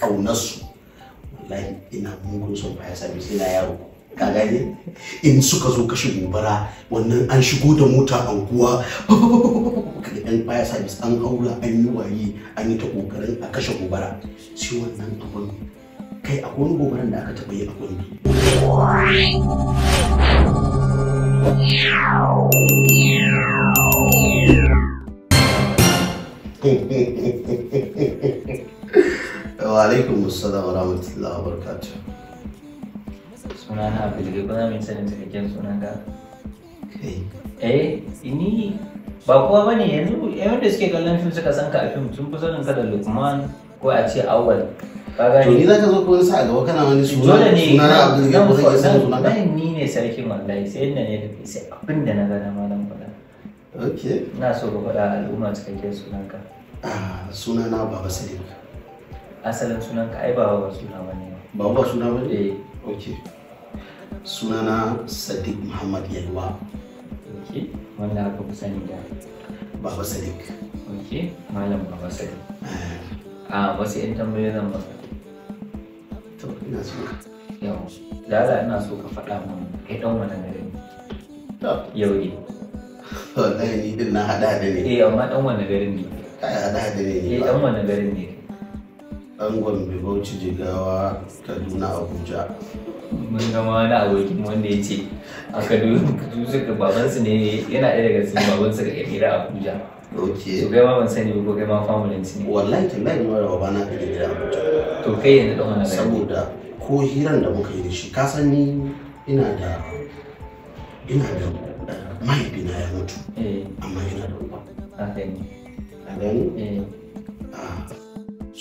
kaunarsu wallahi ina mugun son fire ina yaro ka gane in suka zo kashe gobara wannan an shigo da mota anguwa kaga dan fire service an haura an yi waye an yi ta kokarin a kashe gobara sai wannan abun kai a wani gobaran da aka taɓa yi a gombe wa alaikum assalam wa rahmatullahi wa barakatuh sunana abdulgai kuna min sanin cikakken sunan ka eh ini ba kowa bane yanzu yawan da suke kallon fim suka san ka a fim sun fi sanin ka da lukman ko a ce awal kaga to ni zaka zo ko sa a gaba kana wani suna suna na abdulgai ko zai san sunan ka ni ne sarkin wallahi sai inda ne tafi sai abin da na ga na malam fada okay ina so ka faɗa al'umma cikakken sunan ka sunana baba sadiq asalin sunan ka ai ba baban suna bane ba ba suna bane eh okay sunana Sadiq Muhammad Yalwa okay wanda aka ku sani da Baba Sadiq okay malam Baba Sadiq eh. a ah, wasu yan tambayoyi zan ba. to ina so yau lala ina so ka faɗa mun kai dan wani gari yau ne wallahi ni din na hada da ne eh amma dan wani garin ne kai hada da eh, ne eh dan wani garin ne ɗan gombe bauchi jigawa kaduna abuja mun gama wani abokin wanda ya ce a kaduna baban babansu ne yana ɗaya daga cikin babansu ga kabira abuja ok to kai ma ban sani ko kai ma familin ne wallahi lai ma da bana ka kabira abuja to kai yanzu da wannan saboda ko hiran da muka yi da shi ka san ni ina da ina da mahaifina ya mutu eh. amma ina da uba a gani eh. ah.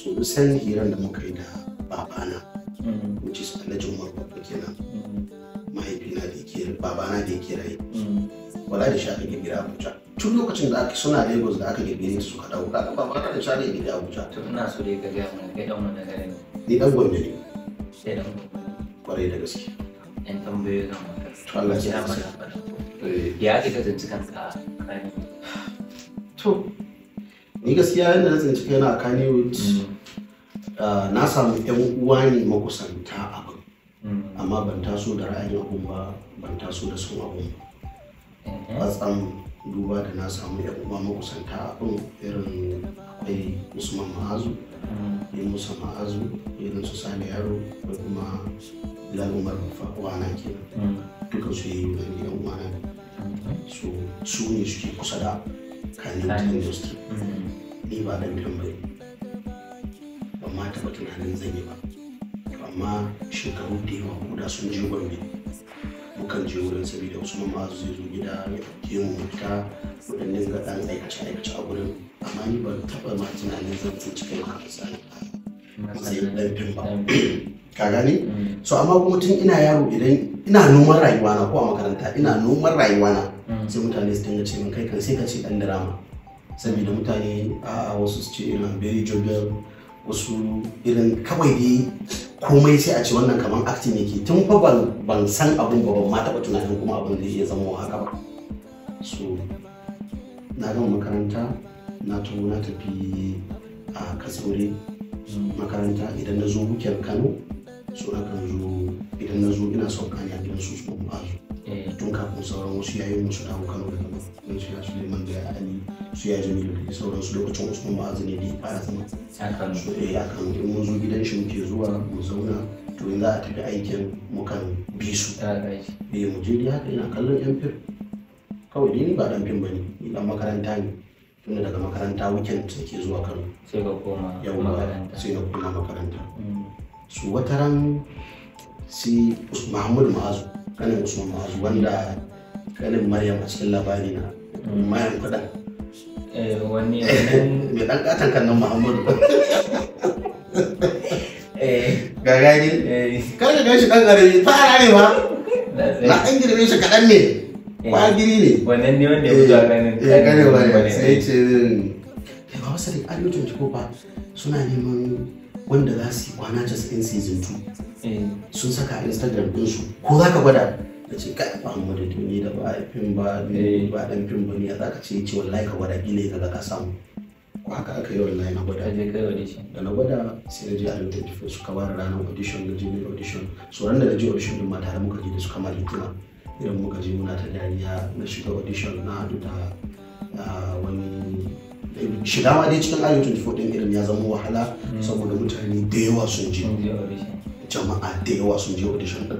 the hirar da muka yi da babana mm-hmm. which is of the babba My Pina da ke babana da ke rai mm-hmm. wala da shi aka girgira abuja tun lokacin da aka suna lagos da aka girgire su suka dawo kaga babana da shi aka girgira abuja ni dan gombe kwarai da gaske yan tambayoyi zan maka to Allah ya sa ya eh. kanka ni gaskiya yadda na tsinci kaina a Kannywood mm. ah, na samu yan uwa ne makusanta abin mm. amma ban taso da ra'ayin abun ba ban taso da sun abun mm-hmm. ba tsam duba da na samu yan uwa makusanta abin irin akwai musamman ma'azu ya mm. musa ma'azu irin su sami yaro da kuma lalumar umar na ke dukkan su yi yan uwa na mm-hmm. su ne suke kusa da kayan industry mm. ni ba dan tambayi ba ma taɓa tunanin zan yi ba amma shekaru da yawa guda sun je gombe mukan je wurin saboda wasu su zai zo gida ya ɗauke mu ta wurin dinga aikace aikace a wurin amma ni ban taɓa ma tunanin zan tsinci kai ma a matsayin ɗan fim ba ka gane mm. so amma kuma tun ina yaro idan ina noman rayuwa na ko a makaranta ina noman rayuwa na sai mutane su dinga ce min kai kan sai ka ce dan drama saboda mutane a wasu su ce ina very jovial wasu irin kawai dai komai sai a ce wannan kamar acting yake tun fa ban san abun ba ban ma taɓa tunanin kuma abun zai iya zama haka ba so na gama makaranta na na tafi a katsore makaranta idan na zo bukiyar kano so na kan zo idan na zo ina son ne a gidan su su tun kafin sauran wasu yayin musu dawo kano daga nan su a suleiman da ya ali su ya jamilu da su lokacin usman a ne da ya fara zama a kan so eh a kano in mun zo gidan shi muke zuwa mu zauna to in za a tafi aikin mukan bi su bai eh, mu je dai haka ina kallon yan fir kawai dai ni ba dan fim bane ni dan makaranta ne tunda daga makaranta weekend ke zuwa kano sai ka koma makaranta sai na koma makaranta mm. su wataran si Muhammadu Ma'azu kanin usman ma'azu wanda kanin maryam a cikin labari na mayan kuɗa eh, wani eh, mai dan katon kan nan muhammadu eh. ga gani kar ka gashi ɗan ƙarami ne ba na an girme shi kaɗan ne ba kwagiri ne wannan ne wanda ya fito a ganin ya gane wani sai ce kai ba wasu da arewacin ko ba suna neman wanda za su yi kwana 90 season 2 Eh, sun saka instagram din su ko za ka gwada ka ce kai ba mu da ne da ba fim ba eh. ba dan fim ba ne za ka ce ce wallahi ka gwada kila ka ga ka samu ko haka aka yi wallahi na gwada je kai audition da na gwada sai na je a yau su suka bar ranar audition na jini audition so ran da na je audition din ma tare muka je da su kamar hikima irin muka je muna ta dariya na shiga audition na haɗu da ah, wani eh, shiga ma dai cikin ayyukan 24 din irin ya zama wahala hmm. saboda mutane da yawa sun je jama'a da yawa sun je audition din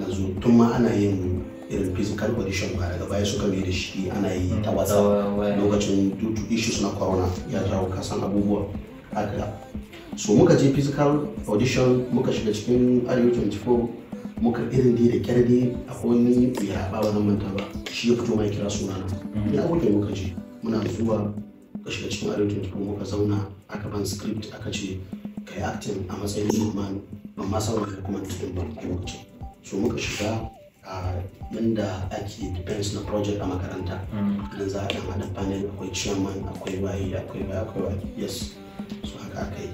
yanzu tun ma ana yin irin physical audition ba daga baya suka mai da shi ana yi ta mm, whatsapp lokacin issues na corona ya jawo kasan abubuwa haka so muka je physical audition muka shiga cikin arewa 24 muka irin dai da kyar a akwai wani ya ba wani manta ba shi ya fito ma ya kira sunana ya mm. abokin muka je muna zuwa ka shiga cikin arewa 24 muka zauna aka ban script aka ce ka yi acting a matsayin zuwa amma saboda kuma cikin barkano ce so muka shiga a inda ake depends na project a makaranta mm. nan za a dan hada panel akwai chairman akwai waye akwai waye akwai waye yes Su haka aka yi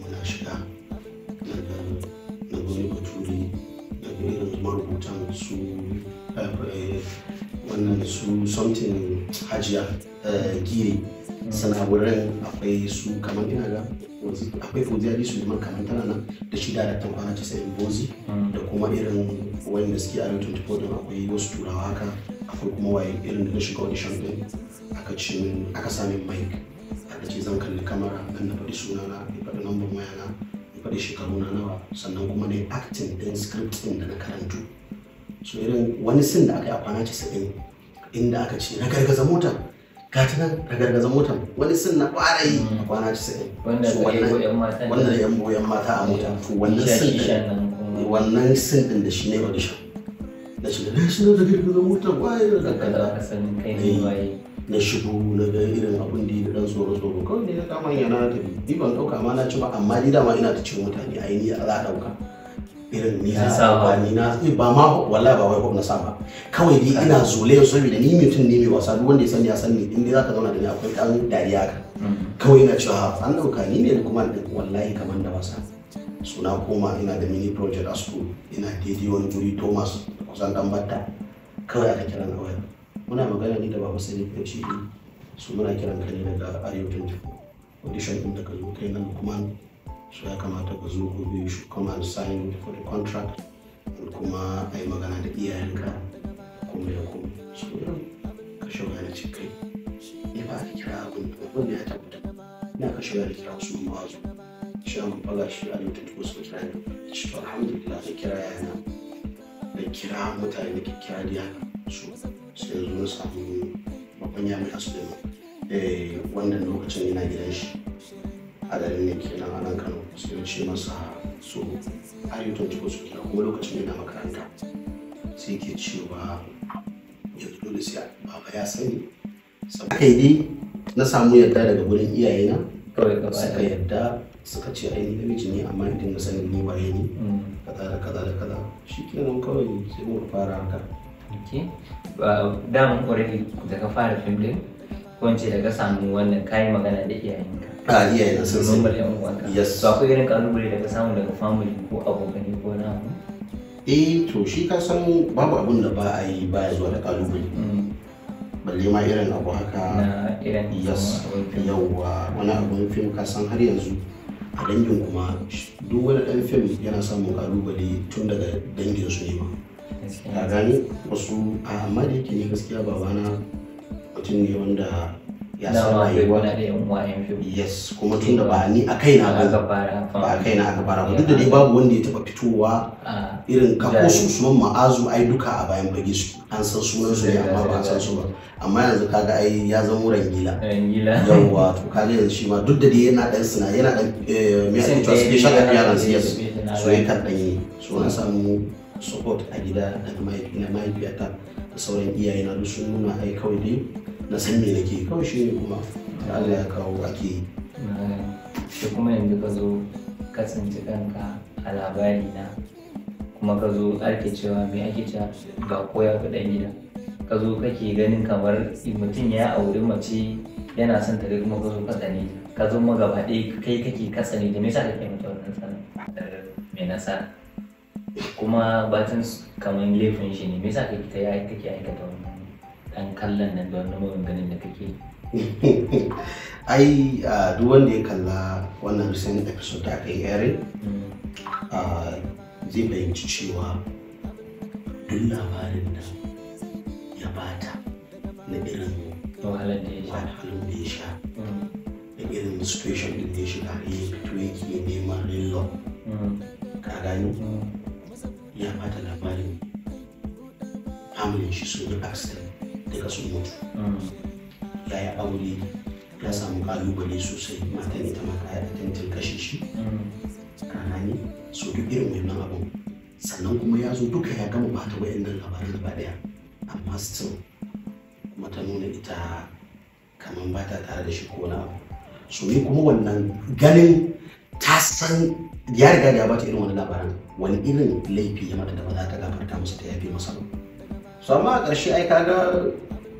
muna shiga na gobe baturi na gobe irin marubutan su eh, eh, wannan su something hajiya eh, giri sana'uran akwai su kamar ina ga akwai fujiyari su liman kamar tana nan da shi da kwana ta sayin bozi mm. da kuma irin wayan da suke a 24 don akwai wasu turawa haka akwai kuma waye irin da shiga audition din aka ce min aka sami mic aka ce zan kalli kamara dan na faɗi sunana ya faɗi lambar wayana ya faɗi shekaru na nawa sannan kuma na yi acting din script din da na karantu so irin wani sin da aka yi a kwana 90 inda aka ce na gargaza mota ga ta nan ka gargaza motar wani sun na fara yi a mm. kwana 90 wanda da yan goyon mata a mota to wannan sun wannan sun din da shi ne audition na shiga na shiga da girgizar motar waye da kankana eh. na shigo na ga irin abin da ya dan tsoro tsoro kawai ne na kama yana na tafi ban dauka ma na ci ba amma ni dama ina ta ce mutane a yi ni za a dauka irin ni na sa ba ni na eh, ba ma wallahi ba wai na sa ba kawai dai ina zole saboda ni mutum ne mai wasa duk wanda ya sani ya sani in dai zaka zauna da ni akwai dan dariya ka mm. kawai ina cewa an dauka ni ne kuma wallahi kaman da wasa suna koma ina da mini project a school ina daidai wani guri Thomas kusan dan batta kawai aka kira na waya muna magana ni da baba sani ya ce su muna kiran ka ne daga arewacin audition din da ka zo kai nan kuma so ya kamata ka zo gobe you should come and sign for the contract kuma a yi magana da iyayenka kuma ya kuma so ka shiga cikin cikai ya ba da kira abin abin ya tabbata ina ka shiga da kira ba su shi an faga shi a lokacin tuko su kira ne shi to alhamdulillah da kira yana da kira mutane da kira da yana so sai yanzu na samu babban yamin asu da eh, wannan lokacin yana gidan shi a garin ne ke nan kano sai ce masa su are 24 su a kuma lokacin yana makaranta sai ke cewa yanzu dole sai baba ya sani aka yi na samu yadda daga wurin iyayena suka yarda suka ce ai namiji ne amma idan na sanin ni waye ne mm. kaza da kaza da kaza shi kenan kawai sai muka fara haka daman already da ka fara fim din ko ce daga samu wannan kayan magana da iyayenka a ah, iyayen sun sun bari yan uwanka yes so akwai irin kalubale daga samu daga family ko abokane ko na abu eh to shi ka san babu abin da ba a yi ba ya zuwa da kalubale mm. balle ma irin abu haka na irin yes yawwa wani abun fim ka san har yanzu a dangin kuma duk wani dan fim yana samun kalubale tun daga dangin su ne ma ka gani wasu a amma da yake ne gaskiya babana mutum ne wanda ya san rayuwa yes kuma tun da ba ni a kaina ba ba a kaina aka fara ba duk da dai babu wanda ya taba fitowa irin kafo su suman ma'azu ai duka a bayan bage su an san sunan su ne amma ba san su ba amma yanzu kaga ai ya zama rangila yawwa to kaga yanzu shi ma duk da dai yana dan suna yana dan eh, me shi cewa special appearance yes so kan dan yi so na samu support a gida daga mahaifiyata da sauran iyayena duk sun nuna ai kawai dai na san me nake kawai shi ne kuma Allah ya kawo ake yi shi kuma yanzu ka zo kasance kanka a labari na kuma ka zo ake cewa me ake cewa ga koya kuɗin gida ka zo kake ganin kamar mutum ya auri mace yana son ta kuma ka zo katsane ka zo magabaɗe kai kake ne da me yasa kake mata wannan sanar mai nasara kuma batun kamar laifin shi ne me sa kake ta yi kake aikata wannan ɗan kallon nan da wani ganin da kake ai duk wanda ya kalla wannan recent episode da aka yi yare mm. zai fahimci cewa duk labarin da ya bata na irin wahalar da ya sha mm. da irin situation din da ya shiga ya fito ke neman rillo mm. ka gani ya bata labarin familin shi sun yi accident daga su mutu mm. ya yi aure ya samu kalubale sosai matan ita ma ta tantin kashe shi kana mm. ne so duk irin wannan abu sannan kuma ya zo duka ya gama bata wayannan labaran gaba daya amma still kuma ta nuna ita kamar ba ta tare da shi ko wani abu so ni kuma wannan ganin ta san ya riga da ya bata irin wani labaran wani irin laifi ya mata da ba za ta gafarta masa ta yafe masa ba so amma a ƙarshe ai kaga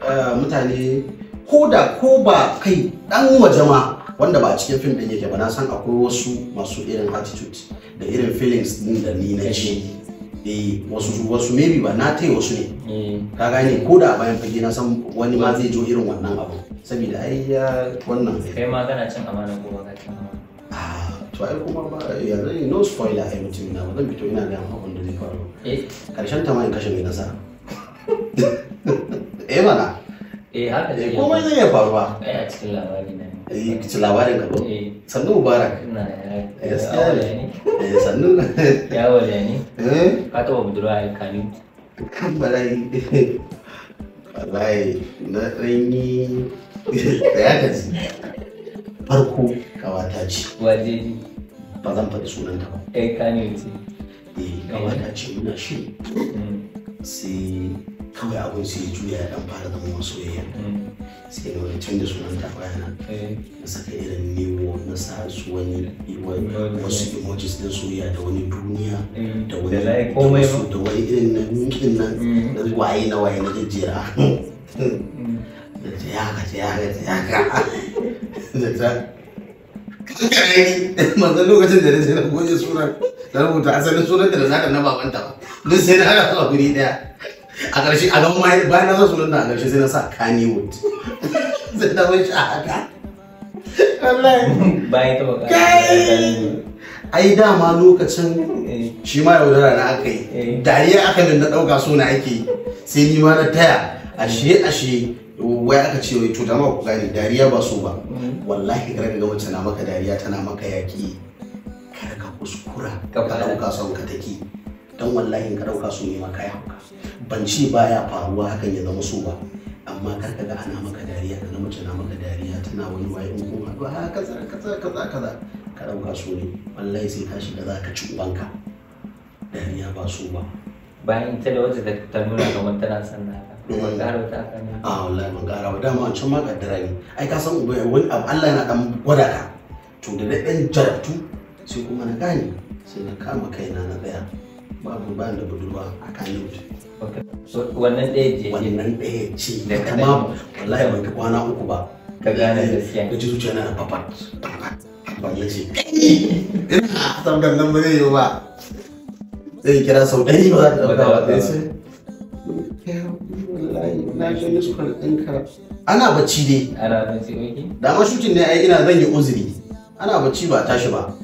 eh, mutane ko da ko ba kai ɗan waje ma wanda ba a cikin fim ɗin yake ba na san akwai wasu masu irin attitude da irin feelings ɗin da ni na ji eh wasu wasu maybe ba na tai wasu ne mm. ka gane ko da bayan fage na san wani ma zai jo irin wannan abu saboda ai ya wannan kai ma kana cin amana ko ba ka cin amana ah to ai kuma ba ya zai no spoiler ai mutum na ba zan fito ina da abin da zai faru eh karshen ta ma in kashe mai nasara eh mana eh haka eh, zai komai zai iya faruwa eh a cikin labari na eh cikin labarin ka ba eh. sannu mubarak ina ya sannu ya wale eh, ka taba budurwa ya kani kan balai wallahi na ranyi da ya kaji farko kawata ce waje ne faɗi sunanta ba eh kani ce eh kawata ce muna shi mm. kawai abin sai ya juya ya dan fara zama wasu yayya sai na wani canza sunan ta bayana na saka irin nemo na sa su wani wasu emojis na soya da wani duniya da wani da wani irin na nukin nan mm. na waye na waye na jejjera da ta yaka ta yaka ta yaka da ta kankare manzan lokacin da na sai na sunan na rubuta asalin sunan da na zaka na babanta ba duk sai na a guri daya a ƙarshe a nan ma bayan na zo sunan da a ƙarshe sai na sa Kannywood sai na shi a haka wallahi bayan ta baka kai ai dama lokacin eh. shi ma yaudara na aka yi eh. dariya aka min na ɗauka suna ake yi sai ni ma na taya ashe ashe wai aka ce wai to dama ku gane dariya ba so ba mm. wallahi kar ga wacce na maka dariya tana maka yaki kar ka kuskura ka ɗauka son ka take dan wallahi ka ɗauka su ne maka ban ce ya faruwa hakan ya zama so ba amma kar ka ga ana maka dariya ka na mace na maka dariya tana wani waye in kun haɗu ha kaza kaza kaza kaza ka ɗauka so ne wallahi sai ka shiga za ka ci ubanka dariya ba so ba bayan ita da wacce ta nuna kamar tana son naka mm. ban gara wata kana a ah, wallahi ban gara ba dama can ma kaddara ne ai ka san wani abu Allah yana dan gwada ka to da dan jarabtu sai kuma na gane sai na kama kaina na tsaya babu bayan da budurwa a kanin wannan ɗaya ce wannan ɗaya ce da kama wallahi ban kwana uku ba ka gane gaskiya da ji zuciya na papat wallahi ce ina san nan ba zai yi ba zai kira sau ɗari ba za ta ɗauka ba sai ana bacci dai da ma ne ai ina zan yi uzuri ana bacci ba tashi ba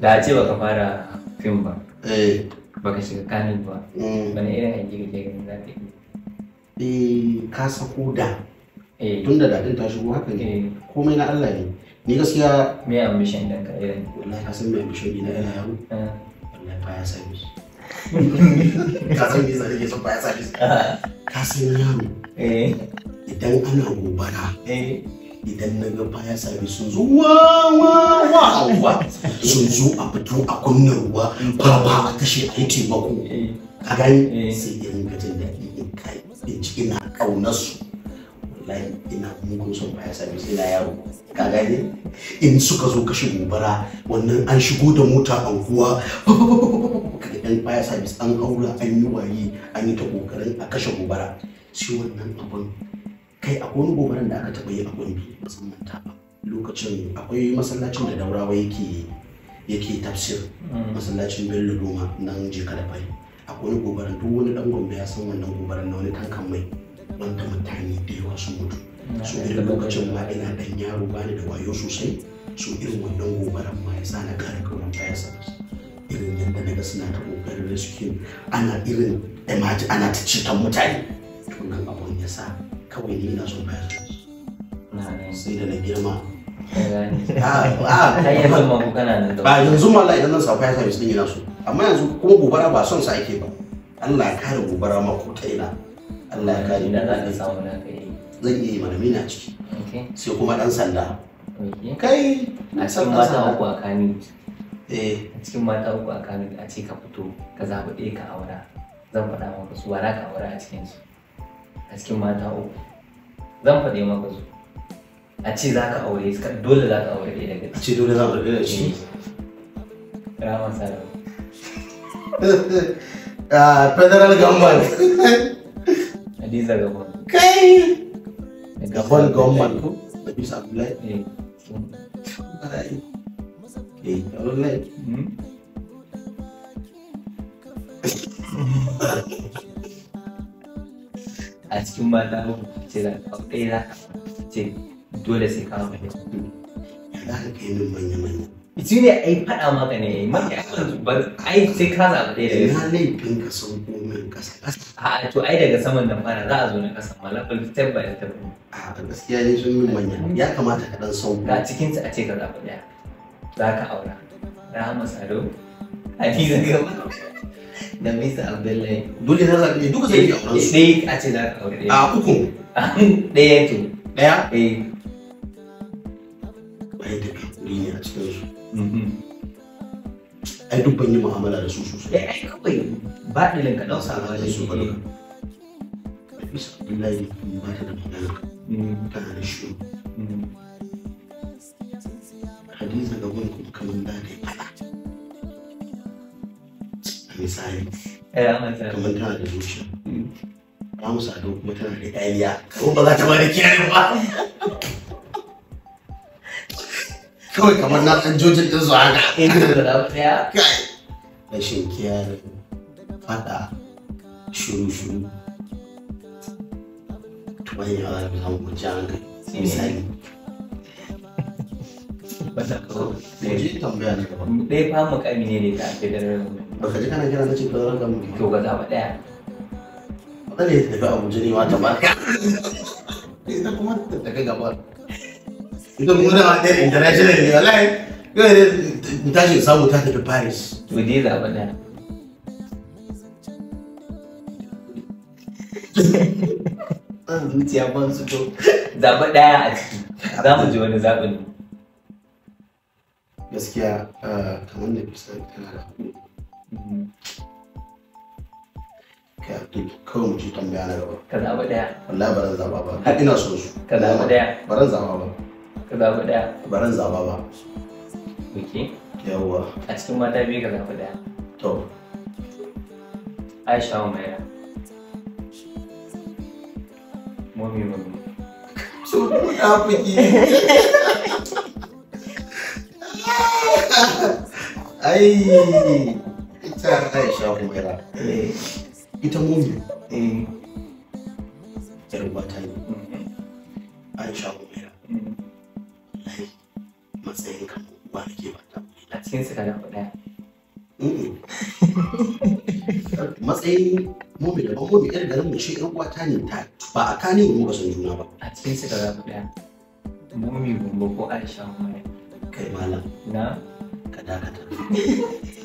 da ce ka fara fim ba eh baka shiga kanin ba wani eh. irin hangi kake ganin za ta yi eh ka sako da eh. tun da dadin ta shigo haka ne eh. komai na Allah ne ni gaskiya me ambition ɗinka irin wallahi ka san me ambition ɗina ina yaro wallahi ba ya sani ka san me zai ke so ba idan ana gobara idan na ga faya sabi sun zo wa wa wa wa sun zo a fito a kunnar ruwa ba ba a kashe a yi taimako a gani eh. sai ya rinka jin daɗi in kai in ciki ina ƙaunar su wallahi ina mugun son faya sabi sai na yaro ka gani in suka zo kashe gobara wannan an shigo da mota a kaga ɗan faya sabis an aura an yi waye an yi ta ƙoƙarin a kashe gobara shi wannan abin kai a wani gobaran da aka taɓa yi a gombe lokacin akwai masallacin da daurawa yake yake tafsir masallacin bello doma nan jika da a wani gobaran duk wani dan gombe ya san wannan gobaran na wani tankan mai wanda mutane da yawa sun mutu su irin lokacin ma ina dan yaro bani da wayo sosai su irin wannan gobaran ma ya sana na kare kauran bayan sa irin yadda na ga suna ta kokarin da suke ana irin ana ta ta mutane wannan abun ya sa kawai eh. ah, ah, ah, ni na so bayan sai da na girma ba yanzu ma Allah idan nan sa fire service din yana so amma yanzu kuma gobara ba son sa ake ba Allah ya kare gobara ma ko ta ina Allah ya kare ina za ka samu na kai zan iya yi mana mina ciki sai kuma dan sanda kai a cikin mata uku a kani eh a cikin mata uku a kani a ce ka fito ka zaɓi ɗaya ka aura zan faɗa maka su ba ka aura a cikin su a cikin mata uku zan faɗi maka su a ce za ka aure su dole za ka aure ɗaya daga a ce dole za ka aure ɗaya shi rama sarau ah, federal government hadiza gabon kai gabon government ko da bisa abdullahi eh wallahi eh, a cikin mata uku ce da ɗaya za ka ce dole sai kawo mafi za ka kai min manya manya shi ne ai faɗa maka ne yayi manya ai sai ka zaɓi ɗaya daga na laifin ka sau komin ƙasa a to ai daga saman nan fara za a zo na ƙasa malafin step by step a gaskiya ne sun yi manya ya kamata ka dan sau ga cikin a ce ka zaɓi ɗaya za ka aura rahama sado hadiza gaba da Mr. Abdullahi. Dole na zaɓi duka zai yi auren su. a ce na aure A uku. Ɗaya to. Ɗaya? Eh. Ai da kakuri ne a cikin su. Ai duk ban yi mu'amala da su sosai. Eh ai kawai ba ɗilin ka ɗausa ba da su ba duka. Mr. Abdullahi ba ta da magana. Ta da shi. Hadiza ga wani kuma kamar da ta yi misali kamar tana da zuciya ta musu ado kuma tana da ɗariya ko ba za ta ba da kiyar ba kawai kamar na ɗan jojin ɗin zuwa ga eh, rashin kiyar faɗa shuru-shuru tuwanya za mu samu kwanciyar hankali misali bata kawai ɗaya tambaya ne gaba ɗaya fa mukami ne ne ta ake federal government baka ji kana kira na ce federal government to ga zaba ɗaya wadda ne tafi abu jini ma ta ba ita kuma ta tafi gaba ita kuma da ɗaya international ne wallahi yau ne tashi samu ta tafi paris to je zaba ɗaya zuciya ban su to zaɓi ɗaya a ciki za mu ji wani zaɓin gaskiya eh, kamar da bisa tana da ka kai abdul kawai mu tambaya na gaba ka zaba ɗaya wallah baran zaba ba har ina son su ka zaba ɗaya baran zaba ba ka zaba ɗaya baran zaba ba ok yawwa a cikin mata biyu ka zaba ɗaya to aisha umaira mami mami so na fuki ai ita ta sha eh, ita eh, mm-hmm. mm-hmm. ta yi an sha humaira lai matsayin kan uwa da ke bata a cikin su kana mm-hmm. matsayin da ban yar garin uwa ta ne ta ba a kani mu ba san juna ba a cikin su kana faɗa mumi gumbo ko aisha kai malam na ka dakata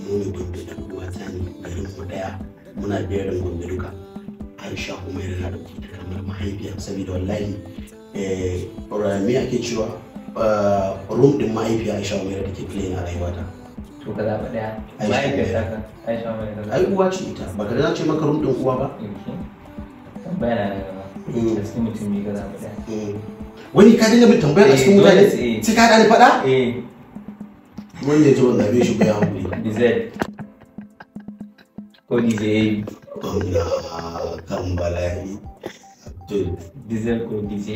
mun gombe da ruwa tsani garin mu daya muna biyarin gombe duka aisha kuma yana da kuta kamar mahaifiya saboda wallahi eh me ake cewa eh, room din mahaifiya aisha kuma yana da ke playing a rayuwa ta to ka zaɓa ɗaya mahaifiyarta ka aisha kuma yana da ai uwa ce ita ba ka da ce maka room din uwa ba tambaya na gaba da mm. mutum ne ka ba ɗaya mm. wani ka dinga bin tambayar a cikin eh, mutane eh. sai ka hada faɗa eh. wanda ya ci ban zabe shi ko ya hankuri ko DJ Gwamna kan bala'i ko DJ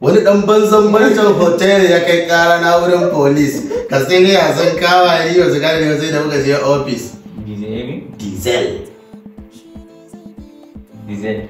Wani ɗan banzan manajan hotel ya kai ƙara na wurin polis ka sai ne a san kawa yi wasu gane ne sai da muka je ofis. dizel.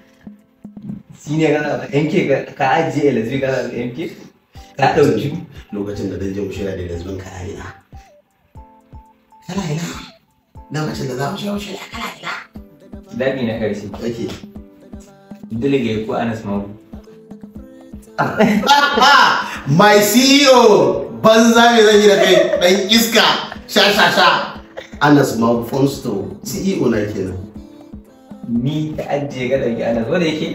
shine da yanke ka ajiye lazbi da yanke ka dauki lokacin da mu jamushi da lazbin ka ina kana ina lokacin da zamu shawo shi kana ina dadi na karshe kake dilge ko Anas Mawu my CEO banza me zan yi da kai dan iska sha sha sha Anas Mawu Fonsto CEO na kenan ni ka ajiye ga dauki ana zo da yake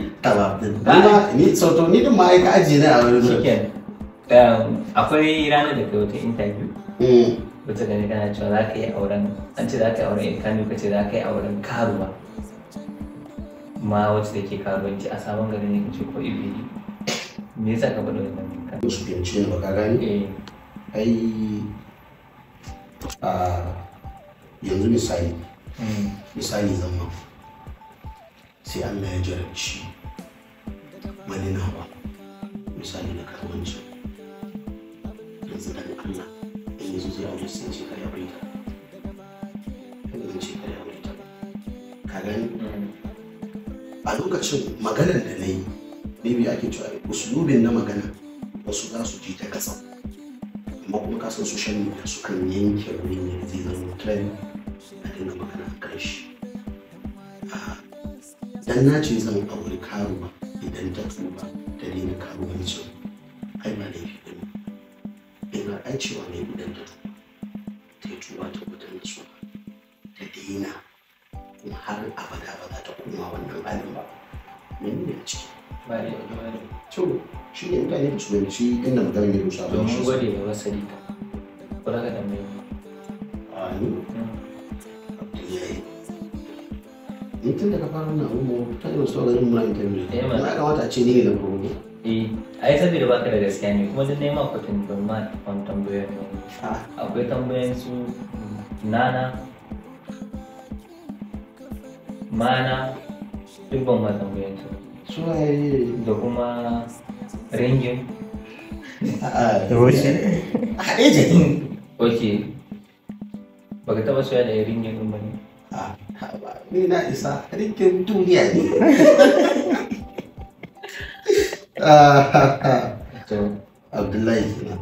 ba ni sauto ni din ma ai ka ajiye na a wani shikenan um, akwai ranar da kai wata interview mm. wata gani kana cewa za ka yi auren an ce za ka yi auren kanu ka ce za ka yi auren karuwa ma wacce da ke karuwanci a sabon garin ne kace ko ne me yasa ka bada wannan kan su fiyanci ne ba ka gani eh. ai a ah, yanzu misali mm. misali zan ma sai allah ya jarabci wani ba misali na karwancin yanzu dan allah in yanzu zai aure sun ce kare aure ta in ce kare aure ta ka gani a lokacin maganar da na yi bibi ake cewa usulubin na magana wasu za su ji ta kasa amma kuma kasan social media sukan yanke wani zai zama trend a dinga magana idan na ce zan auri karuwa idan ta tuba ta daina karuwancin ai ba laifi ba ne ina ai cewa ne idan ta tuba ta yi tuba ta gudan da su ta daina kuma har abada ba za ta koma wannan halin ba menene a ciki ba da yawa da to shi ne mutane ne su ne shi inda magana ne rusa ba shi domin gwade da wasa dika kula ka da mai a ni ni eh, tun daga fara wannan abun mu ta irin so garin muna interview eh, ne ya kamata a ce ni ne da farko ne eh ai saboda baka da gaskiya ne kuma duk nema kwatin ban ma kwan tambayoyin ah. akwai tambayoyin su nana mana duk ban ma tambayoyin su suwaye da kuma ringin Roshi? Haɗe ce. Ok. Baka taɓa soya da ringin ɗin ba Nina is a freaking tulia ni. Ah, ha, ha. So, Abdullah is a lah.